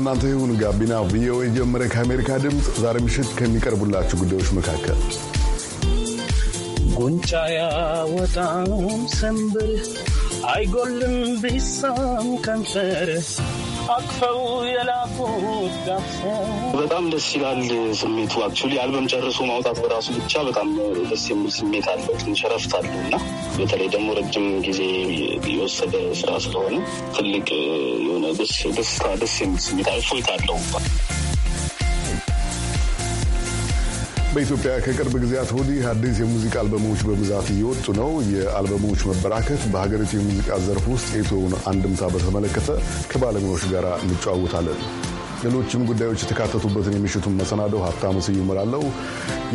እናንተ ይሁን። ጋቢና ቪኦኤ ጀመረ። ከአሜሪካ ድምፅ ዛሬ ምሽት ከሚቀርቡላችሁ ጉዳዮች መካከል ጉንጫ ያወጣም ሰንብር አይጎልም ቢሳም ከንፈር አቅፈው የላኩት ጋፈ በጣም ደስ ይላል ስሜቱ። አክቹዋሊ አልበም ጨርሶ ማውጣት በራሱ ብቻ በጣም ደስ የሚል ስሜት አለው። ትንሽ ረፍት አለው እና በተለይ ደግሞ ረጅም ጊዜ የወሰደ ስራ ስለሆነ ትልቅ ደስታ ደስ የሚል ስሜት እፎይታ አለው። በኢትዮጵያ ከቅርብ ጊዜያት ወዲህ አዲስ የሙዚቃ አልበሞች በብዛት እየወጡ ነው። የአልበሞች መበራከት በሀገሪቱ የሙዚቃ ዘርፍ ውስጥ የትውን አንድምታ በተመለከተ ከባለሙያዎች ጋር እንጨዋወታለን። ሌሎችም ጉዳዮች የተካተቱበትን የምሽቱን መሰናደው ሀብታሙ ስዩም እመራለሁ።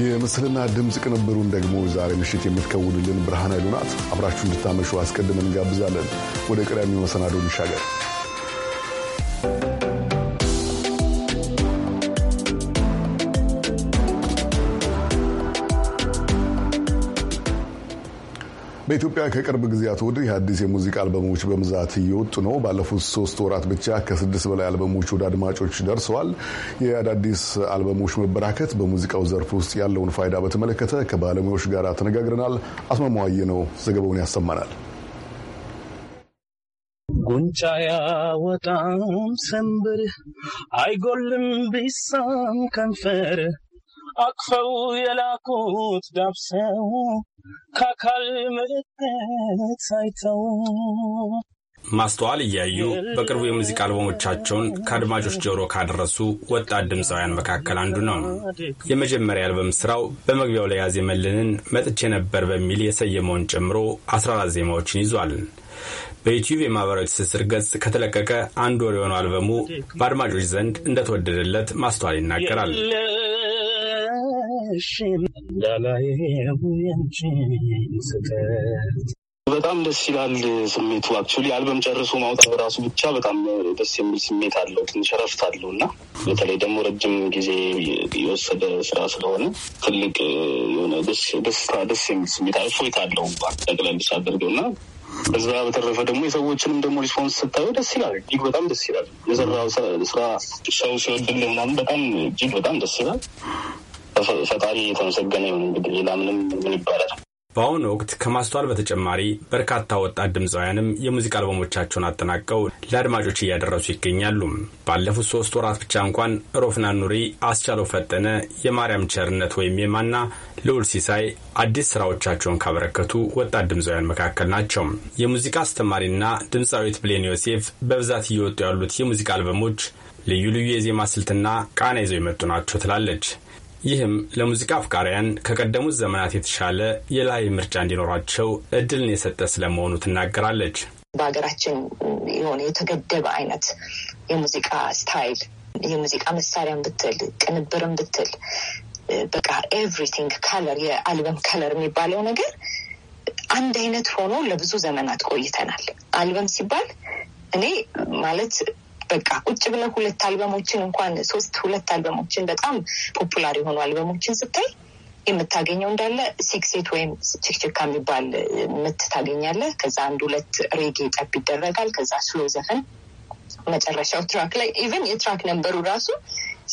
የምስልና ድምፅ ቅንብሩን ደግሞ ዛሬ ምሽት የምትከውንልን ብርሃን ኃይሉ ናት። አብራችሁ እንድታመሹ አስቀድመን እንጋብዛለን። ወደ ቀዳሚው መሰናዶ እንሻገር። በኢትዮጵያ ከቅርብ ጊዜያት ወዲህ አዲስ የሙዚቃ አልበሞች በብዛት እየወጡ ነው። ባለፉት ሶስት ወራት ብቻ ከስድስት በላይ አልበሞች ወደ አድማጮች ደርሰዋል። የአዳዲስ አልበሞች መበራከት በሙዚቃው ዘርፍ ውስጥ ያለውን ፋይዳ በተመለከተ ከባለሙያዎች ጋር ተነጋግረናል። አስማማዋየ ነው ዘገባውን ያሰማናል። ጉንጫ ያወጣም ሰንብር አይጎልም ቢሳም ከንፈር አቅፈው የላኩት ዳብሰው ከአካል ሳይተው ማስተዋል እያዩ በቅርቡ የሙዚቃ አልበሞቻቸውን ከአድማጮች ጆሮ ካደረሱ ወጣት ድምፃውያን መካከል አንዱ ነው። የመጀመሪያ አልበም ስራው በመግቢያው ላይ ያዜመልንን መጥቼ ነበር በሚል የሰየመውን ጨምሮ 14 ዜማዎችን ይዟል። በዩቲዩብ የማህበራዊ ትስስር ገጽ ከተለቀቀ አንድ ወር የሆነው አልበሙ በአድማጮች ዘንድ እንደተወደደለት ማስተዋል ይናገራል። በጣም ደስ ይላል ስሜቱ። አክቹዋሊ አልበም ጨርሶ ማውጣት በራሱ ብቻ በጣም ደስ የሚል ስሜት አለው። ትንሽ እረፍት አለው እና በተለይ ደግሞ ረጅም ጊዜ የወሰደ ስራ ስለሆነ ትልቅ የሆነ ደስታ ደስ የሚል ስሜት እፎይታ አለው ጠቅለል ሳደርገው እና ከዛ በተረፈ ደግሞ የሰዎችንም ደግሞ ሪስፖንስ ስታዩ ደስ ይላል። እጅግ በጣም ደስ ይላል። የሰራው ስራ ሰው ሲወድልህ ምናምን በጣም እጅግ በጣም ደስ ይላል። ፈጣሪ የተመሰገነ ይሁን። እንግዲህ ሌላ ምንም ምን ይባላል። በአሁኑ ወቅት ከማስተዋል በተጨማሪ በርካታ ወጣት ድምፃውያንም የሙዚቃ አልበሞቻቸውን አጠናቀው ለአድማጮች እያደረሱ ይገኛሉ። ባለፉት ሶስት ወራት ብቻ እንኳን ሮፍና ኑሪ፣ አስቻለው ፈጠነ፣ የማርያም ቸርነት ወይም የማና ልዑል ሲሳይ አዲስ ስራዎቻቸውን ካበረከቱ ወጣት ድምፃውያን መካከል ናቸው። የሙዚቃ አስተማሪና ድምፃዊት ብሌን ዮሴፍ በብዛት እየወጡ ያሉት የሙዚቃ አልበሞች ልዩ ልዩ የዜማ ስልትና ቃና ይዘው የመጡ ናቸው ትላለች። ይህም ለሙዚቃ አፍቃሪያን ከቀደሙት ዘመናት የተሻለ የላይ ምርጫ እንዲኖራቸው እድልን የሰጠ ስለመሆኑ ትናገራለች። በሀገራችን የሆነ የተገደበ አይነት የሙዚቃ ስታይል የሙዚቃ መሳሪያን ብትል ቅንብርን ብትል በቃ ኤቭሪቲንግ ከለር የአልበም ከለር የሚባለው ነገር አንድ አይነት ሆኖ ለብዙ ዘመናት ቆይተናል። አልበም ሲባል እኔ ማለት በቃ ቁጭ ብለ ሁለት አልበሞችን እንኳን ሶስት ሁለት አልበሞችን በጣም ፖፑላር የሆኑ አልበሞችን ስታይ የምታገኘው እንዳለ ሲክሴት ወይም ችክችካ የሚባል ምት ታገኛለህ። ከዛ አንድ ሁለት ሬጌ ጠብ ይደረጋል። ከዛ ስሎ ዘፈን መጨረሻው ትራክ ላይ ኢቨን የትራክ ነንበሩ ራሱ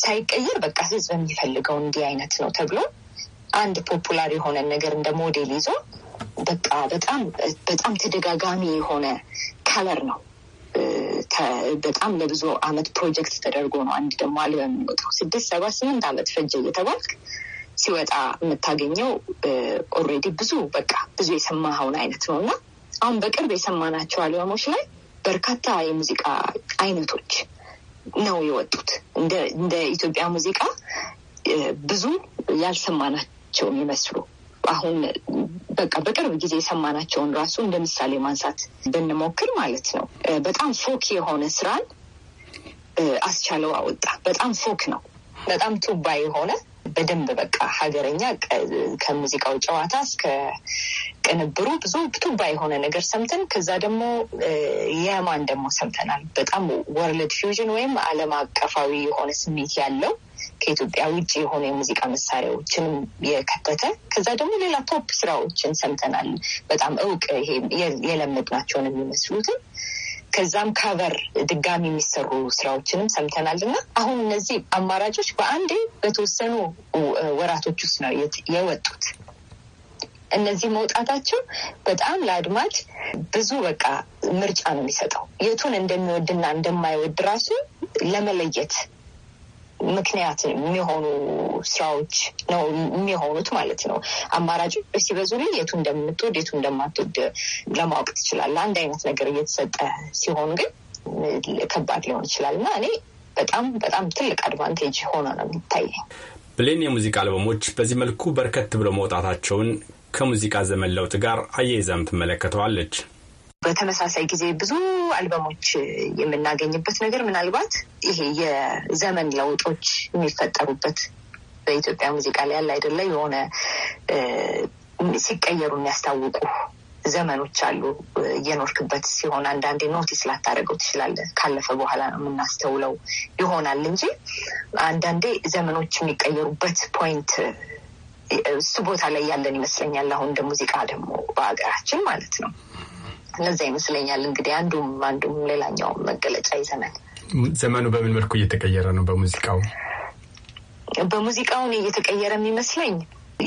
ሳይቀየር በቃ ህዝብ የሚፈልገው እንዲህ አይነት ነው ተብሎ አንድ ፖፑላር የሆነ ነገር እንደ ሞዴል ይዞ በቃ በጣም በጣም ተደጋጋሚ የሆነ ከለር ነው በጣም ለብዙ አመት ፕሮጀክት ተደርጎ ነው አንድ ደግሞ አልበም የሚወጣው። ስድስት ሰባ ስምንት አመት ፈጀ እየተባልክ ሲወጣ የምታገኘው ኦሬዲ ብዙ በቃ ብዙ የሰማኸውን አይነት ነው እና አሁን በቅርብ የሰማናቸው አልበሞች ላይ በርካታ የሙዚቃ አይነቶች ነው የወጡት። እንደ ኢትዮጵያ ሙዚቃ ብዙ ያልሰማናቸው የሚመስሉ አሁን በቃ በቅርብ ጊዜ የሰማናቸውን ራሱ እንደ ምሳሌ ማንሳት ብንሞክር ማለት ነው። በጣም ፎክ የሆነ ስራን አስቻለው አወጣ። በጣም ፎክ ነው። በጣም ቱባ የሆነ በደንብ በቃ ሀገረኛ ከሙዚቃው ጨዋታ እስከ ቅንብሩ ብዙ ቱባ የሆነ ነገር ሰምተን ከዛ ደግሞ የማን ደግሞ ሰምተናል። በጣም ወርልድ ፊውዥን ወይም ዓለም አቀፋዊ የሆነ ስሜት ያለው ከኢትዮጵያ ውጭ የሆኑ የሙዚቃ መሳሪያዎችንም የከተተ ከዛ ደግሞ ሌላ ፖፕ ስራዎችን ሰምተናል። በጣም እውቅ ይሄ የለመድናቸውን የሚመስሉትን ከዛም ካቨር ድጋሚ የሚሰሩ ስራዎችንም ሰምተናል እና አሁን እነዚህ አማራጮች በአንዴ በተወሰኑ ወራቶች ውስጥ ነው የወጡት። እነዚህ መውጣታቸው በጣም ለአድማጭ ብዙ በቃ ምርጫ ነው የሚሰጠው የቱን እንደሚወድና እንደማይወድ ራሱ ለመለየት ምክንያት የሚሆኑ ስራዎች ነው የሚሆኑት ማለት ነው። አማራጮች ሲበዙልኝ የቱ እንደምትወድ የቱ እንደማትወድ ለማወቅ ትችላለህ። አንድ አይነት ነገር እየተሰጠ ሲሆን ግን ከባድ ሊሆን ይችላል እና እኔ በጣም በጣም ትልቅ አድቫንቴጅ ሆኖ ነው የሚታየኝ። ብሌን የሙዚቃ አልበሞች በዚህ መልኩ በርከት ብሎ መውጣታቸውን ከሙዚቃ ዘመን ለውጥ ጋር አያይዛም ትመለከተዋለች። በተመሳሳይ ጊዜ ብዙ አልበሞች የምናገኝበት ነገር ምናልባት ይሄ የዘመን ለውጦች የሚፈጠሩበት በኢትዮጵያ ሙዚቃ ላይ ያለ አይደለ የሆነ ሲቀየሩ የሚያስታውቁ ዘመኖች አሉ። እየኖርክበት ሲሆን አንዳንዴ ኖቲስ ላታደርገው ትችላለህ። ካለፈ በኋላ ነው የምናስተውለው ይሆናል እንጂ አንዳንዴ ዘመኖች የሚቀየሩበት ፖይንት እሱ ቦታ ላይ ያለን ይመስለኛል። አሁን እንደ ሙዚቃ ደግሞ በሀገራችን ማለት ነው እነዛ ይመስለኛል እንግዲህ አንዱም አንዱም ሌላኛውም መገለጫ ይዘናል። ዘመኑ በምን መልኩ እየተቀየረ ነው? በሙዚቃው በሙዚቃውን እየተቀየረ የሚመስለኝ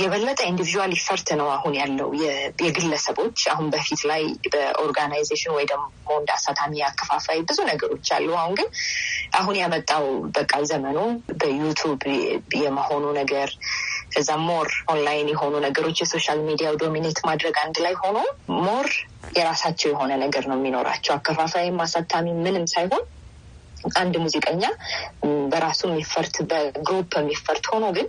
የበለጠ ኢንዲቪዥዋል ኢፈርት ነው አሁን ያለው የግለሰቦች። አሁን በፊት ላይ በኦርጋናይዜሽን ወይ ደግሞ እንደ አሳታሚ አከፋፋይ ብዙ ነገሮች አሉ። አሁን ግን አሁን ያመጣው በቃ ዘመኑ በዩቱብ የመሆኑ ነገር ከዛ ሞር ኦንላይን የሆኑ ነገሮች የሶሻል ሚዲያው ዶሚኔት ማድረግ አንድ ላይ ሆኖ ሞር የራሳቸው የሆነ ነገር ነው የሚኖራቸው። አከፋፋይ አሳታሚ ምንም ሳይሆን አንድ ሙዚቀኛ በራሱ የሚፈርት በግሩፕ የሚፈርት ሆኖ ግን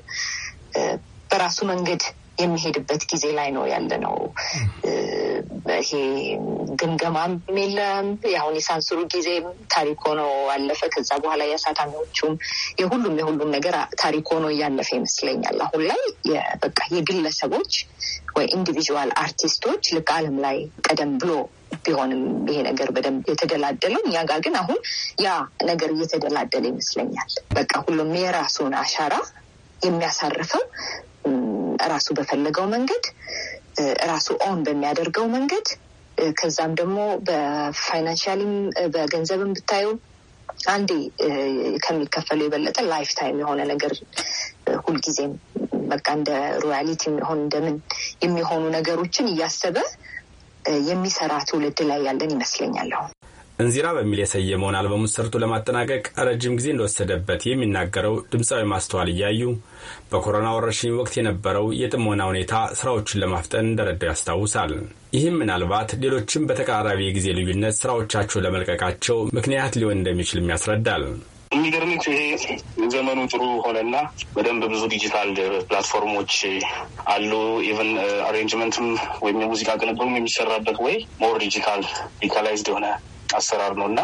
በራሱ መንገድ የሚሄድበት ጊዜ ላይ ነው ያለ ነው። ይሄ ግምገማም የለም። የአሁን የሳንሱሩ ጊዜ ታሪክ ሆኖ አለፈ። ከዛ በኋላ የአሳታሚዎቹም የሁሉም የሁሉም ነገር ታሪክ ሆኖ እያለፈ ይመስለኛል። አሁን ላይ በቃ የግለሰቦች ወይ ኢንዲቪዥዋል አርቲስቶች ልክ ዓለም ላይ ቀደም ብሎ ቢሆንም ይሄ ነገር በደንብ የተደላደለው እኛ ጋር ግን አሁን ያ ነገር እየተደላደለ ይመስለኛል። በቃ ሁሉም የራሱን አሻራ የሚያሳርፈው ራሱ በፈለገው መንገድ ራሱ ኦን በሚያደርገው መንገድ ከዛም ደግሞ በፋይናንሻሊም በገንዘብም ብታየው አንዴ ከሚከፈለው የበለጠ ላይፍ ታይም የሆነ ነገር ሁልጊዜም በቃ እንደ ሮያሊቲ የሚሆን እንደምን የሚሆኑ ነገሮችን እያሰበ የሚሰራ ትውልድ ላይ ያለን ይመስለኛል። እንዚራ በሚል የሰየመውን አልበሙን ሰርቶ ለማጠናቀቅ ረጅም ጊዜ እንደወሰደበት የሚናገረው ድምፃዊ ማስተዋል እያዩ በኮሮና ወረርሽኝ ወቅት የነበረው የጥሞና ሁኔታ ስራዎቹን ለማፍጠን እንደረዳው ያስታውሳል። ይህም ምናልባት ሌሎችም በተቀራራቢ የጊዜ ልዩነት ስራዎቻቸውን ለመልቀቃቸው ምክንያት ሊሆን እንደሚችልም ያስረዳል። የሚገርምት ይሄ ዘመኑ ጥሩ ሆነና በደንብ ብዙ ዲጂታል ፕላትፎርሞች አሉ። ኢቨን አሬንጅመንትም ወይም የሙዚቃ ቅንብሩም የሚሰራበት ወይ ሞር ዲጂታል ዲጂታላይዝድ የሆነ አሰራር ነው እና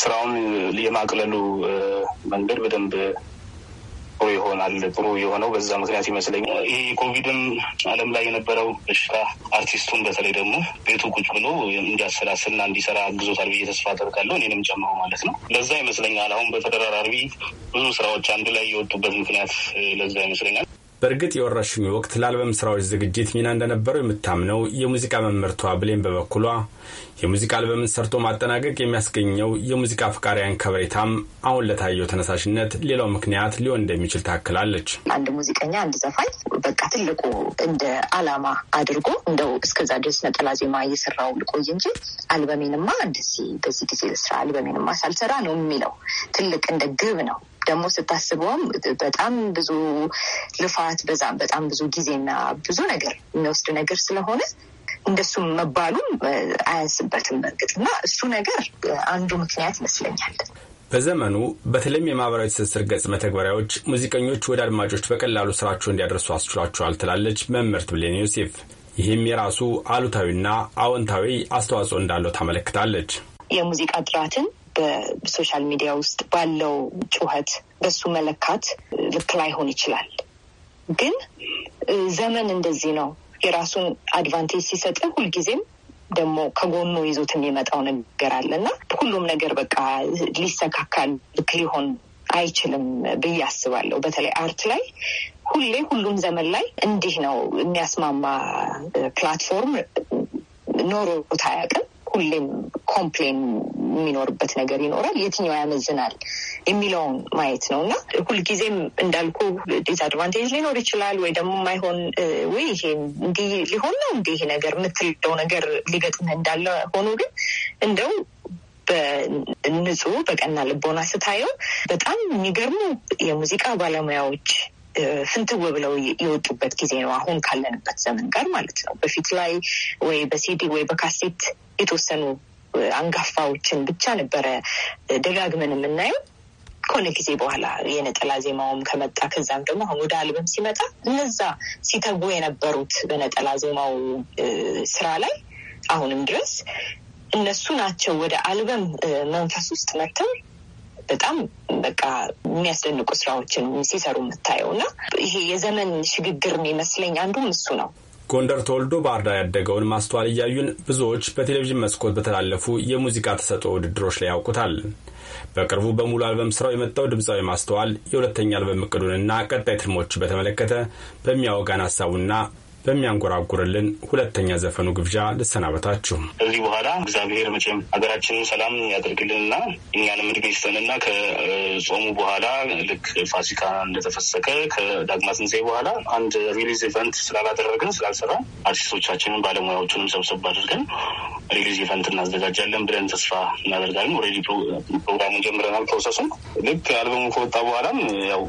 ስራውን የማቅለሉ መንገድ በደንብ ጥሩ ይሆናል። ጥሩ የሆነው በዛ ምክንያት ይመስለኛል። ይህ ኮቪድም ዓለም ላይ የነበረው በሽታ አርቲስቱን በተለይ ደግሞ ቤቱ ቁጭ ብሎ እንዲያሰላስልና እንዲሰራ አግዞታል ብዬ ተስፋ አደርጋለሁ፣ እኔንም ጨምሮ ማለት ነው። ለዛ ይመስለኛል አሁን በተደራራቢ ብዙ ስራዎች አንድ ላይ የወጡበት ምክንያት ለዛ ይመስለኛል። በእርግጥ የወረርሽኙ ወቅት ለአልበም ስራዎች ዝግጅት ሚና እንደነበረው የምታምነው የሙዚቃ መምህርቷ ብሌን በበኩሏ የሙዚቃ አልበምን ሰርቶ ማጠናቀቅ የሚያስገኘው የሙዚቃ አፍቃሪያን ከበሬታም አሁን ለታየው ተነሳሽነት ሌላው ምክንያት ሊሆን እንደሚችል ታክላለች። አንድ ሙዚቀኛ፣ አንድ ዘፋኝ በቃ ትልቁ እንደ አላማ አድርጎ እንደው እስከዛ ድረስ ነጠላ ዜማ እየሰራው ልቆይ እንጂ አልበሜንማ እንደዚህ በዚህ ጊዜ ልስራ አልበሜንማ ሳልሰራ ነው የሚለው ትልቅ እንደ ግብ ነው ደግሞ ስታስበውም በጣም ብዙ ልፋት በዛም በጣም ብዙ ጊዜና ብዙ ነገር የሚወስድ ነገር ስለሆነ እንደሱም መባሉም አያንስበትም በእርግጥ እና እሱ ነገር አንዱ ምክንያት ይመስለኛል። በዘመኑ በተለይም የማህበራዊ ትስስር ገጽ መተግበሪያዎች ሙዚቀኞች ወደ አድማጮች በቀላሉ ስራቸው እንዲያደርሱ አስችሏቸዋል ትላለች መምህርት ብሌን ዮሴፍ። ይህም የራሱ አሉታዊና አዎንታዊ አስተዋጽኦ እንዳለው ታመለክታለች። የሙዚቃ ጥራትን በሶሻል ሚዲያ ውስጥ ባለው ጩኸት በሱ መለካት ልክ ላይሆን ይችላል። ግን ዘመን እንደዚህ ነው። የራሱን አድቫንቴጅ ሲሰጥ ሁልጊዜም ደግሞ ከጎኑ ይዞት የሚመጣው ነገር አለ እና ሁሉም ነገር በቃ ሊስተካከል ልክ ሊሆን አይችልም ብዬ አስባለሁ። በተለይ አርት ላይ ሁሌ ሁሉም ዘመን ላይ እንዲህ ነው የሚያስማማ ፕላትፎርም ኖሮት አያውቅም። ሁሌም ኮምፕሌን የሚኖርበት ነገር ይኖራል። የትኛው ያመዝናል የሚለውን ማየት ነው እና ሁልጊዜም እንዳልኩ ዲስአድቫንቴጅ ሊኖር ይችላል ወይ ደግሞ የማይሆን ወይ ይሄ እንዲህ ሊሆን ነው እንዲህ ነገር የምትልደው ነገር ሊገጥም እንዳለ ሆኖ ግን እንደው በንጹህ በቀና ልቦና ስታየው በጣም የሚገርሙ የሙዚቃ ባለሙያዎች ስንትው ብለው የወጡበት ጊዜ ነው። አሁን ካለንበት ዘመን ጋር ማለት ነው። በፊት ላይ ወይ በሲዲ ወይ በካሴት የተወሰኑ አንጋፋዎችን ብቻ ነበረ ደጋግመን የምናየው። ከሆነ ጊዜ በኋላ የነጠላ ዜማውም ከመጣ ከዛም ደግሞ አሁን ወደ አልበም ሲመጣ እነዛ ሲተጉ የነበሩት በነጠላ ዜማው ስራ ላይ አሁንም ድረስ እነሱ ናቸው ወደ አልበም መንፈስ ውስጥ መጥተው በጣም በቃ የሚያስደንቁ ስራዎችን ሲሰሩ የምታየው እና ይሄ የዘመን ሽግግር የሚመስለኝ አንዱም እሱ ነው። ጎንደር ተወልዶ ባህር ዳር ያደገውን ማስተዋል እያዩን ብዙዎች በቴሌቪዥን መስኮት በተላለፉ የሙዚቃ ተሰጥኦ ውድድሮች ላይ ያውቁታል። በቅርቡ በሙሉ አልበም ስራው የመጣው ድምፃዊ ማስተዋል የሁለተኛ አልበም እቅዱንና ቀጣይ ትልሞች በተመለከተ በሚያወጋን ሀሳቡና በሚያንጎራጉርልን ሁለተኛ ዘፈኑ ግብዣ ልሰናበታችሁ። ከዚህ በኋላ እግዚአብሔር መቼም ሀገራችንን ሰላም ያደርግልንና እኛንም እድሜ ይስጠንና ከጾሙ በኋላ ልክ ፋሲካ እንደተፈሰቀ ከዳግማ ትንሣኤ በኋላ አንድ ሪሊዝ ኢቨንት ስላላደረግን ስላልሰራ አርቲስቶቻችንን ባለሙያዎቹንም ሰብሰብ አድርገን ሪሊዝ ኢቨንት እናዘጋጃለን ብለን ተስፋ እናደርጋለን። ኦልሬዲ ፕሮግራሙን ጀምረናል። ፕሮሰሱን ልክ አልበሙ ከወጣ በኋላም ያው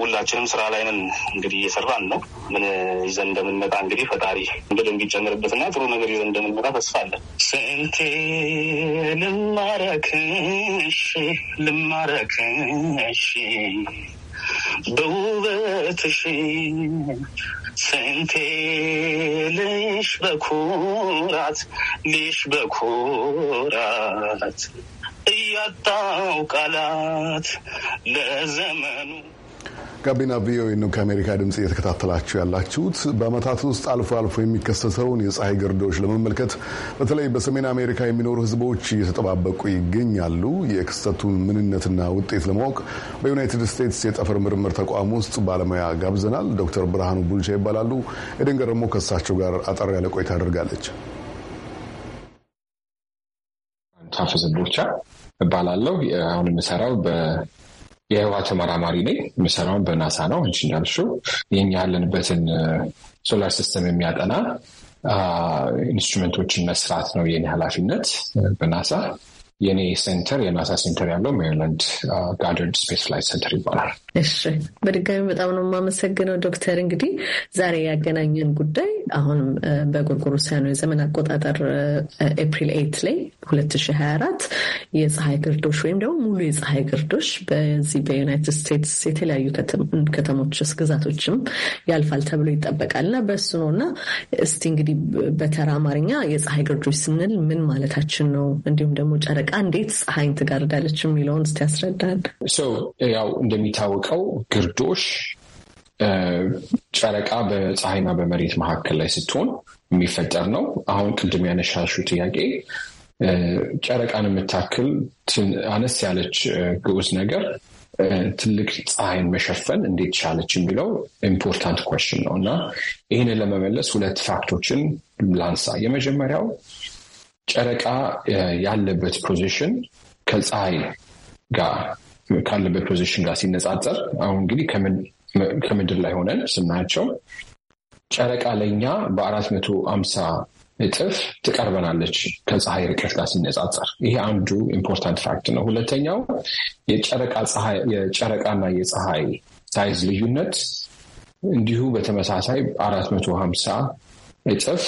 ሁላችንም ስራ ላይ ነን እንግዲህ እየሰራን ነው። ምን ይዘን እንደምንመጣ እንግዲህ ፈጣሪ በደንብ እንዲጨምርበትና ጥሩ ነገር ይዘን እንደምንመጣ ተስፋ አለን። ስንቴ ልማረክሽ ልማረክሽ በውበትሽ ስንቴ ልሽ በኩራት ልሽ በኩራት እያጣው ቃላት ለዘመኑ ጋቢና ቪኦኤ ነው ከአሜሪካ ድምፅ እየተከታተላችሁ ያላችሁት። በአመታት ውስጥ አልፎ አልፎ የሚከሰተውን የፀሐይ ግርዶች ለመመልከት በተለይ በሰሜን አሜሪካ የሚኖሩ ህዝቦች እየተጠባበቁ ይገኛሉ። የክስተቱን ምንነትና ውጤት ለማወቅ በዩናይትድ ስቴትስ የጠፈር ምርምር ተቋም ውስጥ ባለሙያ ጋብዘናል። ዶክተር ብርሃኑ ቡልቻ ይባላሉ። ኤደን ገረሞ ከእሳቸው ጋር አጠር ያለ ቆይታ አድርጋለች። ታፈዘ ቡልቻ እባላለሁ። አሁን የምሰራው የህዋ ተመራማሪ ነኝ። የምሰራውን በናሳ ነው። አንቺ እንዳልሽው ይህን ያለንበትን ሶላር ሲስተም የሚያጠና ኢንስትሩመንቶችን መስራት ነው የኔ ኃላፊነት በናሳ። የኔ ሴንተር የናሳ ሴንተር ያለው ሜሪላንድ ጋደርድ ስፔስ ፍላይት ሴንተር ይባላል። እሺ በድጋሚ በጣም ነው የማመሰግነው ዶክተር። እንግዲህ ዛሬ ያገናኘን ጉዳይ አሁንም በጎርጎሮሳውያኑ የዘመን አቆጣጠር ኤፕሪል ኤይት ላይ 2024 የፀሐይ ግርዶሽ ወይም ደግሞ ሙሉ የፀሐይ ግርዶሽ በዚህ በዩናይትድ ስቴትስ የተለያዩ ከተሞች ግዛቶችም ያልፋል ተብሎ ይጠበቃል እና በእሱ ነው እና እስቲ እንግዲህ በተራ አማርኛ የፀሐይ ግርዶሽ ስንል ምን ማለታችን ነው፣ እንዲሁም ደግሞ ጨረቃ እንዴት ፀሐይን ትጋርዳለች የሚለውን እስቲ ያስረዳል። ያው እንደሚታወ እንደምናውቀው ግርዶሽ ጨረቃ በፀሐይና በመሬት መካከል ላይ ስትሆን የሚፈጠር ነው። አሁን ቅድም ያነሻሹ ጥያቄ ጨረቃን የምታክል አነስ ያለች ግዑዝ ነገር ትልቅ ፀሐይን መሸፈን እንዴት ቻለች የሚለው ኢምፖርታንት ኮስችን ነው እና ይህንን ለመመለስ ሁለት ፋክቶችን ላንሳ። የመጀመሪያው ጨረቃ ያለበት ፖዚሽን ከፀሐይ ጋር ካለበት ፖዚሽን ጋር ሲነጻጸር አሁን እንግዲህ ከምድር ላይ ሆነን ስናያቸው ጨረቃ ለኛ በአራት መቶ አምሳ እጥፍ ትቀርበናለች ከፀሐይ ርቀት ጋር ሲነጻጸር። ይሄ አንዱ ኢምፖርታንት ፋክት ነው። ሁለተኛው የጨረቃና የፀሐይ ሳይዝ ልዩነት እንዲሁ በተመሳሳይ አራት መቶ ሀምሳ እጥፍ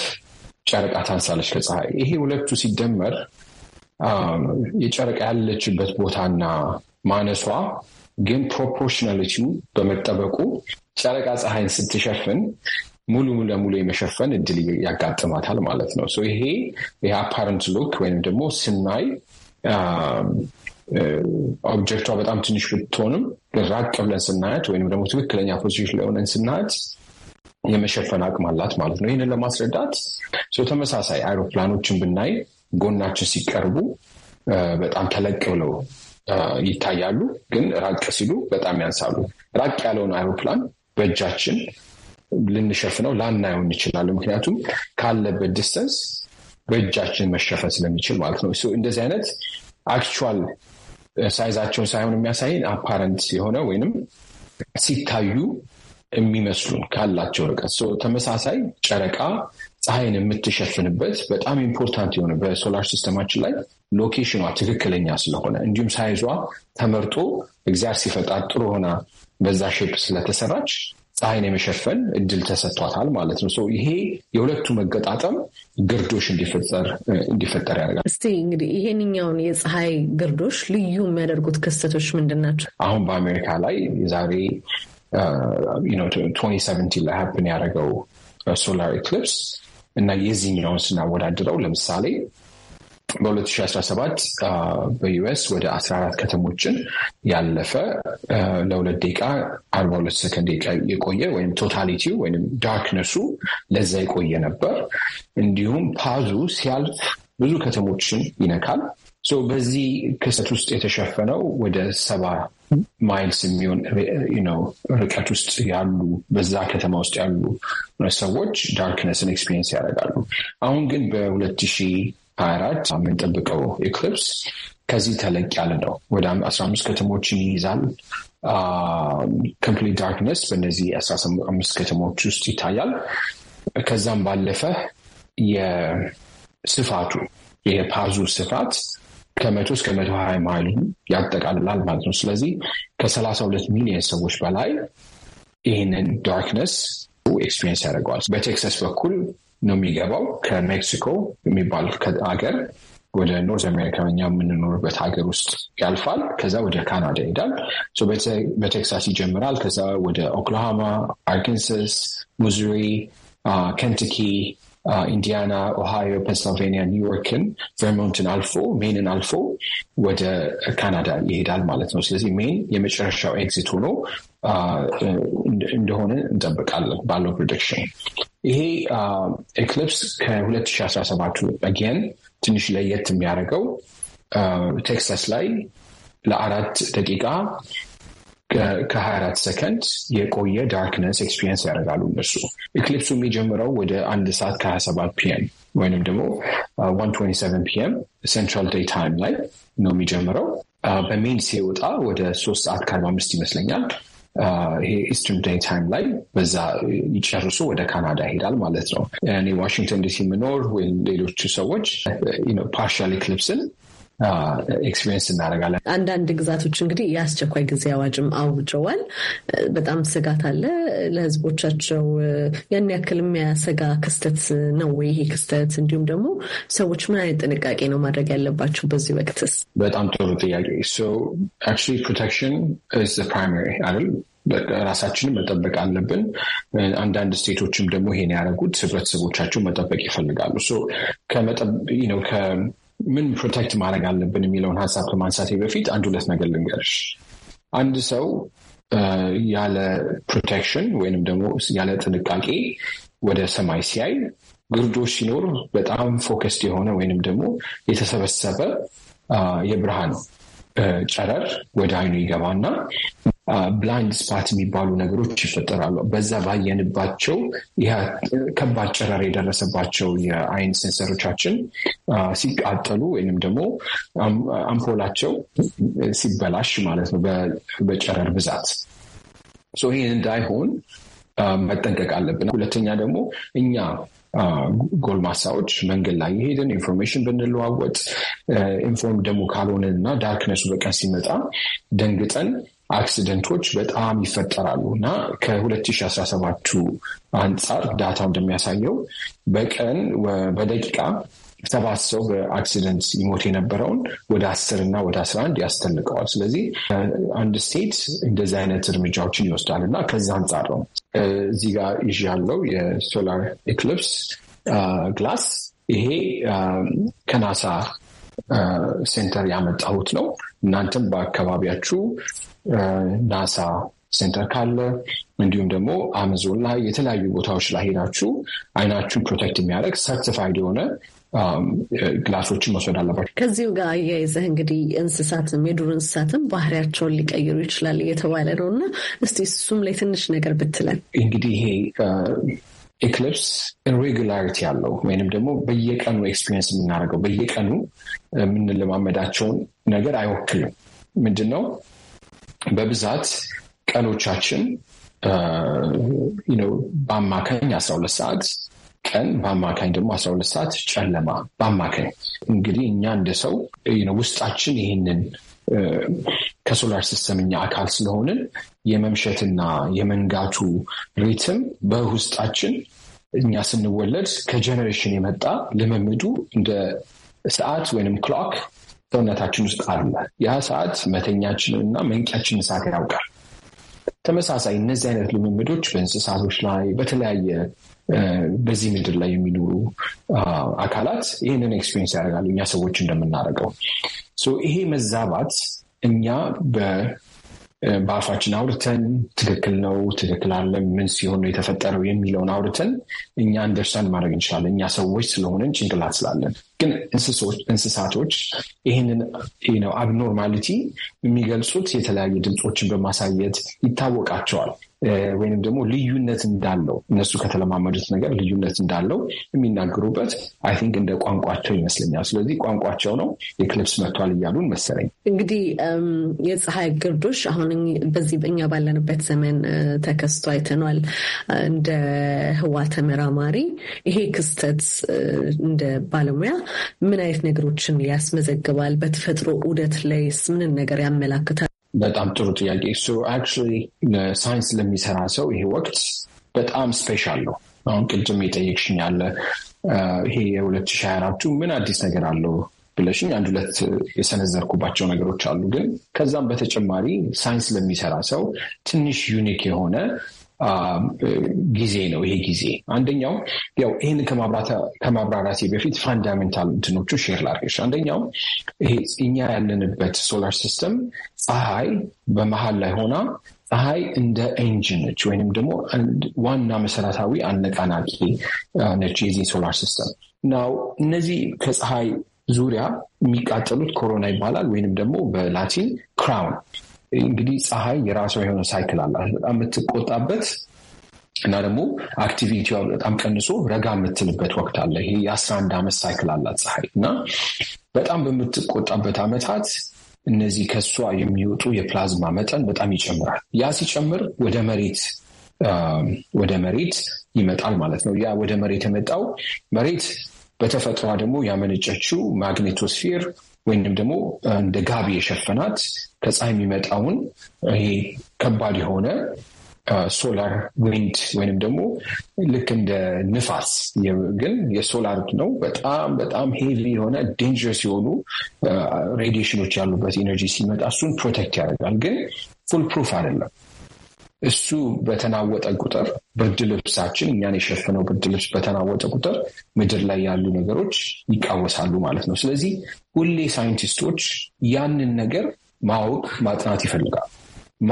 ጨረቃ ታንሳለች ከፀሐይ። ይሄ ሁለቱ ሲደመር የጨረቃ ያለችበት ቦታና ማነሷ ግን ፕሮፖርሽናሊቲው በመጠበቁ ጨረቃ ፀሐይን ስትሸፍን ሙሉ ለሙሉ የመሸፈን እድል ያጋጥማታል ማለት ነው። ይሄ የአፓረንት አፓረንት ሉክ ወይም ደግሞ ስናይ ኦብጀክቷ um, uh, በጣም ትንሽ ብትሆንም ራቅ ብለን ስናያት ወይም ደግሞ ትክክለኛ ፖዚሽን ላይ ሆነን ስናያት የመሸፈን አቅም አላት ማለት ነው። ይህንን ለማስረዳት ተመሳሳይ አይሮፕላኖችን ብናይ ጎናችን ሲቀርቡ uh, በጣም ተለቅ ብለው ይታያሉ፣ ግን ራቅ ሲሉ በጣም ያንሳሉ። ራቅ ያለውን አይሮፕላን በእጃችን ልንሸፍነው ላናየው እንችላለን። ምክንያቱም ካለበት ዲስተንስ በእጃችን መሸፈን ስለሚችል ማለት ነው። እንደዚህ አይነት አክቹዋል ሳይዛቸውን ሳይሆን የሚያሳይን አፓረንት የሆነ ወይንም ሲታዩ የሚመስሉን ካላቸው ርቀት ተመሳሳይ ጨረቃ ፀሐይን የምትሸፍንበት በጣም ኢምፖርታንት የሆነ በሶላር ሲስተማችን ላይ ሎኬሽኗ ትክክለኛ ስለሆነ እንዲሁም ሳይዟ ተመርጦ እግዚአብሔር ሲፈጣት ጥሩ ሆና በዛ ሼፕ ስለተሰራች ፀሐይን የመሸፈን እድል ተሰጥቷታል ማለት ነው። ይሄ የሁለቱ መገጣጠም ግርዶሽ እንዲፈጠር ያደርጋል። እስቲ እንግዲህ ይሄንኛውን የፀሐይ ግርዶሽ ልዩ የሚያደርጉት ክስተቶች ምንድን ናቸው? አሁን በአሜሪካ ላይ የዛሬ ቱኒ uh, ሰቨንቲን ላይ ሀፕን ያደረገው ሶላር uh, ኤክሊፕስ እና የዚህኛውን ስናወዳድረው ለምሳሌ በ2017 በዩኤስ ወደ 14 ከተሞችን ያለፈ ለሁለት ደቂቃ 42 ሰከንድ የቆየ ወይም ቶታሊቲው ወይም ዳርክነሱ ለዛ የቆየ ነበር። እንዲሁም ፓዙ ሲያልፍ ብዙ ከተሞችን ይነካል። በዚህ ክስተት ውስጥ የተሸፈነው ወደ ሰባ ማይልስ የሚሆን ርቀት ውስጥ ያሉ በዛ ከተማ ውስጥ ያሉ ሰዎች ዳርክነስን ኤክስፒሪየንስ ያደርጋሉ። አሁን ግን በ2024 የምንጠብቀው ኤክሊፕስ ከዚህ ተለቅ ያለ ነው። ወደ 15 ከተሞችን ይይዛል። ኮምፕሊት ዳርክነስ በእነዚህ 15 ከተሞች ውስጥ ይታያል። ከዛም ባለፈ የስፋቱ የፓዙ ስፋት ከመቶ እስከ መቶ ሀያ ማይሉን ያጠቃልላል ማለት ነው። ስለዚህ ከሰላሳ ሁለት ሚሊዮን ሰዎች በላይ ይህንን ዳርክነስ ኤክስፒሪየንስ ያደርገዋል። በቴክሳስ በኩል ነው የሚገባው ከሜክሲኮ የሚባል ሀገር ወደ ኖርዝ አሜሪካ እኛ የምንኖርበት ሀገር ውስጥ ያልፋል። ከዛ ወደ ካናዳ ይሄዳል። በቴክሳስ ይጀምራል። ከዛ ወደ ኦክላሃማ፣ አርካንሳስ፣ ሙዙሪ፣ ከንትኪ uh, ኢንዲያና፣ ኦሃዮ፣ ፔንስልቬኒያ፣ ኒውዮርክን ቨርሞንትን አልፎ ሜንን አልፎ ወደ ካናዳ ይሄዳል ማለት ነው። ስለዚህ ሜን የመጨረሻው ኤግዚት ሆኖ uh, እንደሆነ እንጠብቃለን ባለው ፕሮዲክሽን። ይሄ ኤክሊፕስ ከ2017 አጌን ትንሽ ለየት የሚያደርገው ቴክሳስ uh, ላይ ለአራት ደቂቃ ከ24 ሰከንድ የቆየ ዳርክነስ ኤክስፒሪንስ ያደርጋሉ እነሱ። ኢክሊፕሱ የሚጀምረው ወደ አንድ ሰዓት ከ27 ፒኤም ወይንም ደግሞ 127 ፒኤም ሴንትራል ዴይ ታይም ላይ ነው የሚጀምረው። በሜን ሲወጣ ወደ ሶስት ሰዓት ከ45 ይመስለኛል። ይሄ ኢስትርን ዴይ ታይም ላይ በዛ ይጨርሱ ወደ ካናዳ ይሄዳል ማለት ነው። እኔ ዋሽንግተን ዲሲ የምኖር ወይም ሌሎቹ ሰዎች ፓርሻል ኢክሊፕስን ኤክስፔሪንስ እናደርጋለን። አንዳንድ ግዛቶች እንግዲህ የአስቸኳይ ጊዜ አዋጅም አውጀዋል። በጣም ስጋት አለ ለህዝቦቻቸው። ያን ያክል የሚያሰጋ ክስተት ነው ወይ ይሄ ክስተት? እንዲሁም ደግሞ ሰዎች ምን አይነት ጥንቃቄ ነው ማድረግ ያለባቸው በዚህ ወቅትስ? በጣም ጥሩ ጥያቄ። ፕሮቴክሽን ኢዝ ፕራይመሪ አይደል? ራሳችንን መጠበቅ አለብን። አንዳንድ ስቴቶችም ደግሞ ይሄን ያደረጉት ህብረተሰቦቻቸው መጠበቅ ይፈልጋሉ። ከመጠ- ምን ፕሮቴክት ማድረግ አለብን የሚለውን ሀሳብ ከማንሳቴ በፊት አንድ ሁለት ነገር ልንገርሽ። አንድ ሰው ያለ ፕሮቴክሽን ወይንም ደግሞ ያለ ጥንቃቄ ወደ ሰማይ ሲያይ ግርዶች ሲኖር በጣም ፎከስድ የሆነ ወይንም ደግሞ የተሰበሰበ የብርሃን ጨረር ወደ አይኑ ይገባና ብላይንድ ስፓት የሚባሉ ነገሮች ይፈጠራሉ። በዛ ባየንባቸው ከባድ ጨረር የደረሰባቸው የአይን ሴንሰሮቻችን ሲቃጠሉ ወይም ደግሞ አምፖላቸው ሲበላሽ ማለት ነው በጨረር ብዛት ይህ እንዳይሆን መጠንቀቅ አለብን። ሁለተኛ ደግሞ እኛ ጎልማሳዎች መንገድ ላይ የሄድን ኢንፎርሜሽን ብንለዋወጥ ኢንፎርም ደግሞ ካልሆነን እና ዳርክነሱ በቀን ሲመጣ ደንግጠን አክሲደንቶች በጣም ይፈጠራሉ እና ከ 2017 አንጻር ዳታው እንደሚያሳየው በቀን በደቂቃ ሰባት ሰው በአክሲደንት ይሞት የነበረውን ወደ አስር እና ወደ አስራ አንድ ያስተልቀዋል። ስለዚህ አንድ ስቴት እንደዚህ አይነት እርምጃዎችን ይወስዳል እና ከዛ አንጻር ነው እዚህ ጋር ይዤ ያለው የሶላር ኤክሊፕስ ግላስ ይሄ ከናሳ ሴንተር ያመጣሁት ነው። እናንተም በአካባቢያችሁ ናሳ ሴንተር ካለ እንዲሁም ደግሞ አማዞን ላይ የተለያዩ ቦታዎች ላይ ሄዳችሁ አይናችሁን ፕሮቴክት የሚያደርግ ሰርቲፋይድ የሆነ ግላሶችን መስወድ አለባቸው። ከዚሁ ጋር አያይዘህ እንግዲህ እንስሳትም የዱር እንስሳትም ባህሪያቸውን ሊቀይሩ ይችላል እየተባለ ነው እና እስቲ እሱም ላይ ትንሽ ነገር ብትለን እንግዲህ ይሄ ኤክሊፕስ ኢሬጉላሪቲ ያለው ወይንም ደግሞ በየቀኑ ኤክስፒሪየንስ የምናደርገው በየቀኑ የምንለማመዳቸውን ነገር አይወክልም። ምንድን ነው በብዛት ቀኖቻችን በአማካኝ 12 ሰዓት ቀን በአማካኝ ደግሞ 12 ሰዓት ጨለማ በአማካኝ እንግዲህ እኛ እንደ ሰው ውስጣችን ይህንን ከሶላር ሲስተምኛ አካል ስለሆንን የመምሸትና የመንጋቱ ሪትም በውስጣችን እኛ ስንወለድ ከጀኔሬሽን የመጣ ልምምዱ እንደ ሰዓት ወይንም ክሎክ ሰውነታችን ውስጥ አለ። ያ ሰዓት መተኛችንን እና መንቂያችንን ሰዓት ያውቃል። ተመሳሳይ እነዚህ አይነት ልምምዶች በእንስሳቶች ላይ በተለያየ በዚህ ምድር ላይ የሚኖሩ አካላት ይህንን ኤክስፔሪንስ ያደርጋሉ እኛ ሰዎች እንደምናደርገው። ይሄ መዛባት እኛ በአፋችን አውርተን ትክክል ነው ትክክል አለ ምን ሲሆን ነው የተፈጠረው የሚለውን አውርተን እኛ እንደርሳን ማድረግ እንችላለን። እኛ ሰዎች ስለሆነን ጭንቅላት ስላለን ግን እንስሳቶች ይህንን አብኖርማሊቲ የሚገልጹት የተለያዩ ድምፆችን በማሳየት ይታወቃቸዋል። ወይንም ደግሞ ልዩነት እንዳለው እነሱ ከተለማመዱት ነገር ልዩነት እንዳለው የሚናገሩበት አይ ቲንክ እንደ ቋንቋቸው ይመስለኛል። ስለዚህ ቋንቋቸው ነው ኤክሊፕስ መጥቷል እያሉን መሰለኝ። እንግዲህ የፀሐይ ግርዶሽ አሁን በዚህ እኛ ባለንበት ዘመን ተከስቶ አይተኗል። እንደ ህዋ ተመራማሪ ይሄ ክስተት እንደ ባለሙያ ምን አይነት ነገሮችን ያስመዘግባል? በተፈጥሮ ዑደት ላይስ ምንን ነገር ያመላክታል? በጣም ጥሩ ጥያቄ። አክቹዋሊ ሳይንስ ለሚሰራ ሰው ይሄ ወቅት በጣም ስፔሻል ነው። አሁን ቅድም የጠየቅሽኝ ያለ ይሄ የ 2024 ምን አዲስ ነገር አለው ብለሽኝ አንድ ሁለት የሰነዘርኩባቸው ነገሮች አሉ። ግን ከዛም በተጨማሪ ሳይንስ ለሚሰራ ሰው ትንሽ ዩኒክ የሆነ ጊዜ ነው። ይሄ ጊዜ አንደኛው ያው ይህን ከማብራራቴ በፊት ፋንዳሜንታል እንትኖቹ ሼር ላርገሽ። አንደኛው ይሄ እኛ ያለንበት ሶላር ሲስተም ፀሐይ በመሀል ላይ ሆና ፀሐይ እንደ ኤንጂን ነች፣ ወይንም ደግሞ ዋና መሰረታዊ አነቃናቂ ነች የዚህ ሶላር ሲስተም ናው። እነዚህ ከፀሐይ ዙሪያ የሚቃጠሉት ኮሮና ይባላል፣ ወይንም ደግሞ በላቲን ክራውን እንግዲህ ፀሐይ የራሷ የሆነ ሳይክል አላት። በጣም የምትቆጣበት እና ደግሞ አክቲቪቲዋ በጣም ቀንሶ ረጋ የምትልበት ወቅት አለ። ይሄ የአስራ አንድ ዓመት ሳይክል አላት ፀሐይ እና በጣም በምትቆጣበት ዓመታት እነዚህ ከእሷ የሚወጡ የፕላዝማ መጠን በጣም ይጨምራል። ያ ሲጨምር ወደ መሬት ወደ መሬት ይመጣል ማለት ነው። ያ ወደ መሬት የመጣው መሬት በተፈጥሯ ደግሞ ያመነጨችው ማግኔቶስፌር ወይንም ደግሞ እንደ ጋቢ የሸፈናት ከፀሐይ የሚመጣውን ይሄ ከባድ የሆነ ሶላር ዊንድ ወይንም ደግሞ ልክ እንደ ንፋስ ግን የሶላር ነው። በጣም በጣም ሄቪ የሆነ ዴንጀርስ የሆኑ ሬዲሽኖች ያሉበት ኢነርጂ ሲመጣ እሱን ፕሮቴክት ያደርጋል። ግን ፉል ፕሩፍ አይደለም። እሱ በተናወጠ ቁጥር ብርድ ልብሳችን እኛን የሸፈነው ብርድ ልብስ በተናወጠ ቁጥር ምድር ላይ ያሉ ነገሮች ይቃወሳሉ ማለት ነው። ስለዚህ ሁሌ ሳይንቲስቶች ያንን ነገር ማወቅ ማጥናት ይፈልጋል።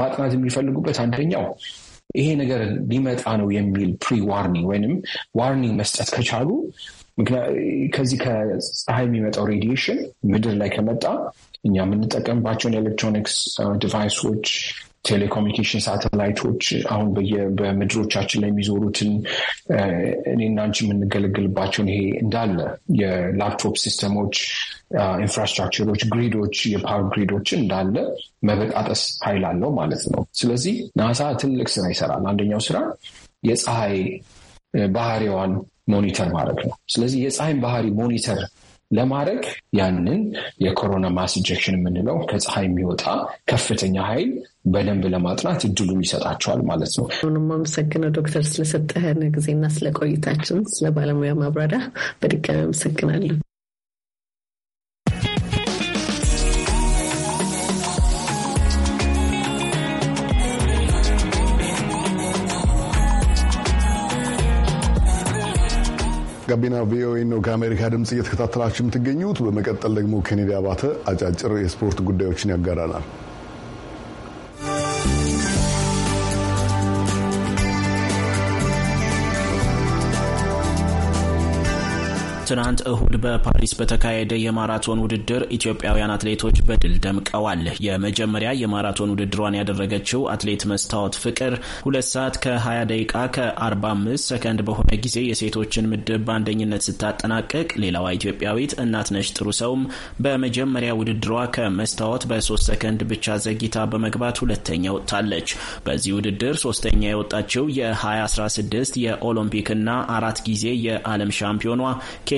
ማጥናት የሚፈልጉበት አንደኛው ይሄ ነገር ሊመጣ ነው የሚል ፕሪ ዋርኒንግ ወይንም ዋርኒንግ መስጠት ከቻሉ ከዚህ ከፀሐይ የሚመጣው ሬዲዬሽን ምድር ላይ ከመጣ እኛ የምንጠቀምባቸውን ኤሌክትሮኒክስ ዲቫይሶች uh, ቴሌኮሙኒኬሽን ሳተላይቶች አሁን በምድሮቻችን ላይ የሚዞሩትን እኔና አንቺ የምንገለገልባቸውን ይሄ እንዳለ የላፕቶፕ ሲስተሞች፣ ኢንፍራስትራክቸሮች፣ ግሪዶች፣ የፓወር ግሪዶች እንዳለ መበጣጠስ ኃይል አለው ማለት ነው። ስለዚህ ናሳ ትልቅ ስራ ይሰራል። አንደኛው ስራ የፀሐይ ባህሪዋን ሞኒተር ማድረግ ነው። ስለዚህ የፀሐይን ባህሪ ሞኒተር ለማድረግ ያንን የኮሮና ማስ ኢንጀክሽን የምንለው ከፀሐይ የሚወጣ ከፍተኛ ኃይል በደንብ ለማጥናት እድሉን ይሰጣቸዋል ማለት ነው። ሁንም አመሰግነው ዶክተር ስለሰጠህን ጊዜና ስለቆይታችን ስለ ባለሙያ ማብራሪያ በድጋሚ አመሰግናለሁ። ጋቢና ቪኦኤ ነው ከአሜሪካ ድምፅ እየተከታተላችሁ የምትገኙት። በመቀጠል ደግሞ ኬኔዲ አባተ አጫጭር የስፖርት ጉዳዮችን ያጋራናል። ትናንት እሁድ በፓሪስ በተካሄደ የማራቶን ውድድር ኢትዮጵያውያን አትሌቶች በድል ደምቀዋል። የመጀመሪያ የማራቶን ውድድሯን ያደረገችው አትሌት መስታወት ፍቅር ሁለት ሰዓት ከ20 ደቂቃ ከ45 ሰከንድ በሆነ ጊዜ የሴቶችን ምድብ በአንደኝነት ስታጠናቀቅ፣ ሌላዋ ኢትዮጵያዊት እናትነሽ ጥሩ ሰውም በመጀመሪያ ውድድሯ ከመስታወት በሶስት ሰከንድ ብቻ ዘግይታ በመግባት ሁለተኛ ወጥታለች። በዚህ ውድድር ሶስተኛ የወጣችው የ2016 የኦሎምፒክና አራት ጊዜ የዓለም ሻምፒዮኗ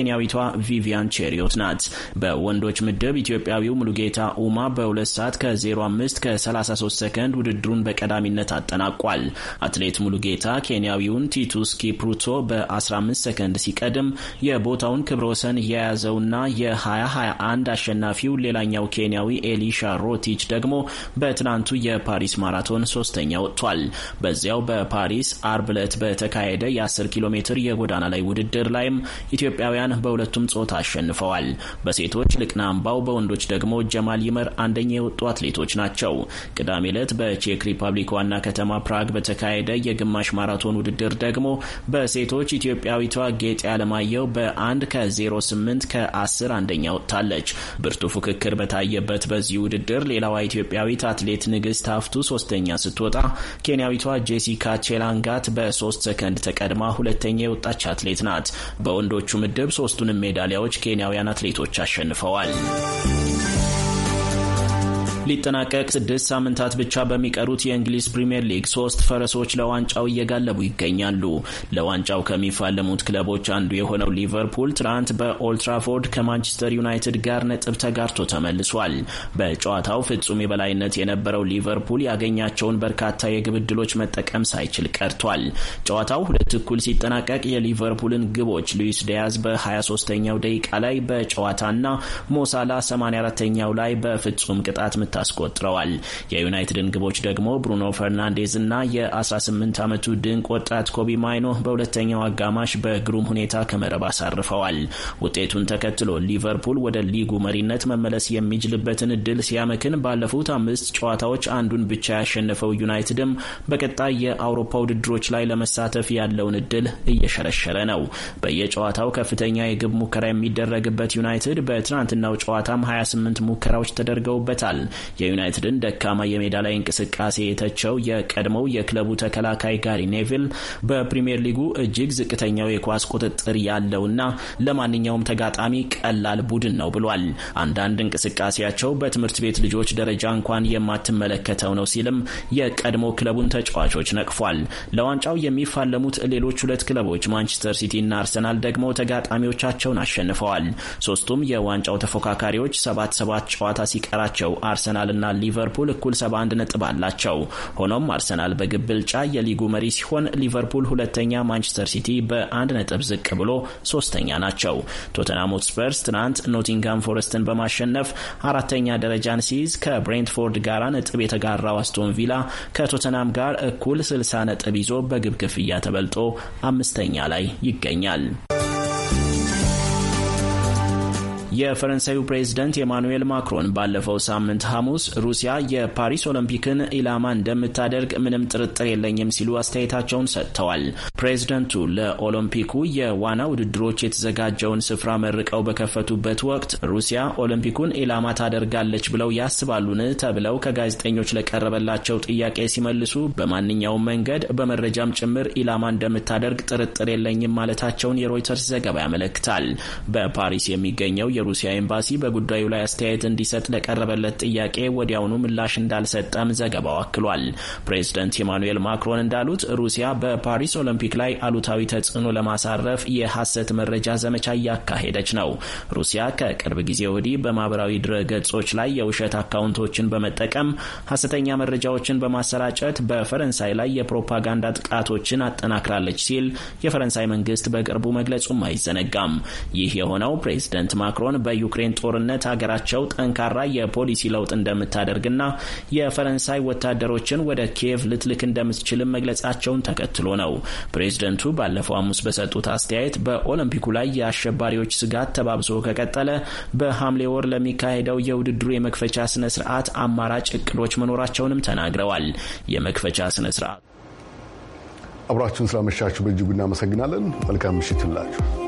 ኬንያዊቷ ቪቪያን ቼሪዮት ናት። በወንዶች ምድብ ኢትዮጵያዊው ሙሉጌታ ኡማ በ2 ሰዓት ከ05 ከ33 ሰከንድ ውድድሩን በቀዳሚነት አጠናቋል። አትሌት ሙሉጌታ ኬንያዊውን ቲቱስ ኪፕሩቶ በ15 ሰከንድ ሲቀድም የቦታውን ክብረ ወሰን የያዘውና የ2021 አሸናፊው ሌላኛው ኬንያዊ ኤሊሻ ሮቲች ደግሞ በትናንቱ የፓሪስ ማራቶን ሶስተኛ ወጥቷል። በዚያው በፓሪስ አርብ ዕለት በተካሄደ የ10 ኪሎ ሜትር የጎዳና ላይ ውድድር ላይም ኢትዮጵያውያን በሁለቱም ጾታ አሸንፈዋል። በሴቶች ልቅና አምባው፣ በወንዶች ደግሞ ጀማል ይመር አንደኛ የወጡ አትሌቶች ናቸው። ቅዳሜ ዕለት በቼክ ሪፐብሊክ ዋና ከተማ ፕራግ በተካሄደ የግማሽ ማራቶን ውድድር ደግሞ በሴቶች ኢትዮጵያዊቷ ጌጤ አለማየሁ በአንድ ከ08 ከ10 አንደኛ ወጥታለች። ብርቱ ፉክክር በታየበት በዚህ ውድድር ሌላዋ ኢትዮጵያዊት አትሌት ንግስት ሀፍቱ ሶስተኛ ስትወጣ ኬንያዊቷ ጄሲካ ቼላንጋት በሶስት ሰከንድ ተቀድማ ሁለተኛ የወጣች አትሌት ናት። በወንዶቹ ምድብ ሶስቱንም ሜዳሊያዎች ኬንያውያን አትሌቶች አሸንፈዋል። ሊጠናቀቅ ስድስት ሳምንታት ብቻ በሚቀሩት የእንግሊዝ ፕሪምየር ሊግ ሶስት ፈረሶች ለዋንጫው እየጋለቡ ይገኛሉ። ለዋንጫው ከሚፋለሙት ክለቦች አንዱ የሆነው ሊቨርፑል ትናንት በኦልትራፎርድ ከማንቸስተር ዩናይትድ ጋር ነጥብ ተጋርቶ ተመልሷል። በጨዋታው ፍጹም የበላይነት የነበረው ሊቨርፑል ያገኛቸውን በርካታ የግብ ዕድሎች መጠቀም ሳይችል ቀርቷል። ጨዋታው ሁለት እኩል ሲጠናቀቅ የሊቨርፑልን ግቦች ሉዊስ ዲያዝ በ23ኛው ደቂቃ ላይ በጨዋታና ሞሳላ 84ኛው ላይ በፍጹም ቅጣት ምት ሁለት አስቆጥረዋል። የዩናይትድን ግቦች ደግሞ ብሩኖ ፈርናንዴዝ እና የ18 ዓመቱ ድንቅ ወጣት ኮቢ ማይኖ በሁለተኛው አጋማሽ በግሩም ሁኔታ ከመረብ አሳርፈዋል። ውጤቱን ተከትሎ ሊቨርፑል ወደ ሊጉ መሪነት መመለስ የሚችልበትን እድል ሲያመክን ባለፉት አምስት ጨዋታዎች አንዱን ብቻ ያሸነፈው ዩናይትድም በቀጣይ የአውሮፓ ውድድሮች ላይ ለመሳተፍ ያለውን እድል እየሸረሸረ ነው። በየጨዋታው ከፍተኛ የግብ ሙከራ የሚደረግበት ዩናይትድ በትናንትናው ጨዋታም 28 ሙከራዎች ተደርገውበታል። የዩናይትድን ደካማ የሜዳ ላይ እንቅስቃሴ የተቸው የቀድሞው የክለቡ ተከላካይ ጋሪ ኔቪል በፕሪምየር ሊጉ እጅግ ዝቅተኛው የኳስ ቁጥጥር ያለውና ለማንኛውም ተጋጣሚ ቀላል ቡድን ነው ብሏል። አንዳንድ እንቅስቃሴያቸው በትምህርት ቤት ልጆች ደረጃ እንኳን የማትመለከተው ነው ሲልም የቀድሞ ክለቡን ተጫዋቾች ነቅፏል። ለዋንጫው የሚፋለሙት ሌሎች ሁለት ክለቦች ማንቸስተር ሲቲ እና አርሰናል ደግሞ ተጋጣሚዎቻቸውን አሸንፈዋል። ሶስቱም የዋንጫው ተፎካካሪዎች ሰባት ሰባት ጨዋታ ሲቀራቸው አርሰናል አርሰናልና ሊቨርፑል እኩል 71 ነጥብ አላቸው። ሆኖም አርሰናል በግብ ብልጫ የሊጉ መሪ ሲሆን ሊቨርፑል ሁለተኛ፣ ማንቸስተር ሲቲ በአንድ ነጥብ ዝቅ ብሎ ሶስተኛ ናቸው። ቶተናም ሆትስፐርስ ትናንት ኖቲንጋም ፎረስትን በማሸነፍ አራተኛ ደረጃን ሲይዝ ከብሬንትፎርድ ጋራ ነጥብ የተጋራው አስቶን ቪላ ከቶተናም ጋር እኩል 60 ነጥብ ይዞ በግብ ክፍያ ተበልጦ አምስተኛ ላይ ይገኛል። የፈረንሳዩ ፕሬዝደንት ኤማኑኤል ማክሮን ባለፈው ሳምንት ሐሙስ ሩሲያ የፓሪስ ኦሎምፒክን ኢላማ እንደምታደርግ ምንም ጥርጥር የለኝም ሲሉ አስተያየታቸውን ሰጥተዋል። ፕሬዝደንቱ ለኦሎምፒኩ የዋና ውድድሮች የተዘጋጀውን ስፍራ መርቀው በከፈቱበት ወቅት ሩሲያ ኦሎምፒኩን ኢላማ ታደርጋለች ብለው ያስባሉን ተብለው ከጋዜጠኞች ለቀረበላቸው ጥያቄ ሲመልሱ በማንኛውም መንገድ በመረጃም ጭምር ኢላማ እንደምታደርግ ጥርጥር የለኝም ማለታቸውን የሮይተርስ ዘገባ ያመለክታል። በፓሪስ የሚገኘው የሩሲያ ኤምባሲ በጉዳዩ ላይ አስተያየት እንዲሰጥ ለቀረበለት ጥያቄ ወዲያውኑ ምላሽ እንዳልሰጠም ዘገባው አክሏል። ፕሬዚደንት ኢማኑኤል ማክሮን እንዳሉት ሩሲያ በፓሪስ ኦሎምፒክ ላይ አሉታዊ ተጽዕኖ ለማሳረፍ የሐሰት መረጃ ዘመቻ እያካሄደች ነው። ሩሲያ ከቅርብ ጊዜ ወዲህ በማህበራዊ ድረገጾች ገጾች ላይ የውሸት አካውንቶችን በመጠቀም ሐሰተኛ መረጃዎችን በማሰራጨት በፈረንሳይ ላይ የፕሮፓጋንዳ ጥቃቶችን አጠናክራለች ሲል የፈረንሳይ መንግስት በቅርቡ መግለጹም አይዘነጋም። ይህ የሆነው ፕሬዚደንት ማክሮን ሲሆን በዩክሬን ጦርነት ሀገራቸው ጠንካራ የፖሊሲ ለውጥ እንደምታደርግና የፈረንሳይ ወታደሮችን ወደ ኪየቭ ልትልክ እንደምትችልም መግለጻቸውን ተከትሎ ነው። ፕሬዝደንቱ ባለፈው ሐሙስ በሰጡት አስተያየት በኦሎምፒኩ ላይ የአሸባሪዎች ስጋት ተባብሶ ከቀጠለ በሐምሌ ወር ለሚካሄደው የውድድሩ የመክፈቻ ስነ ስርዓት አማራጭ እቅዶች መኖራቸውንም ተናግረዋል። የመክፈቻ ስነ ስርዓት አብራችሁን ስላመሻችሁ በእጅጉ እናመሰግናለን። መልካም ምሽት ይሁንላችሁ።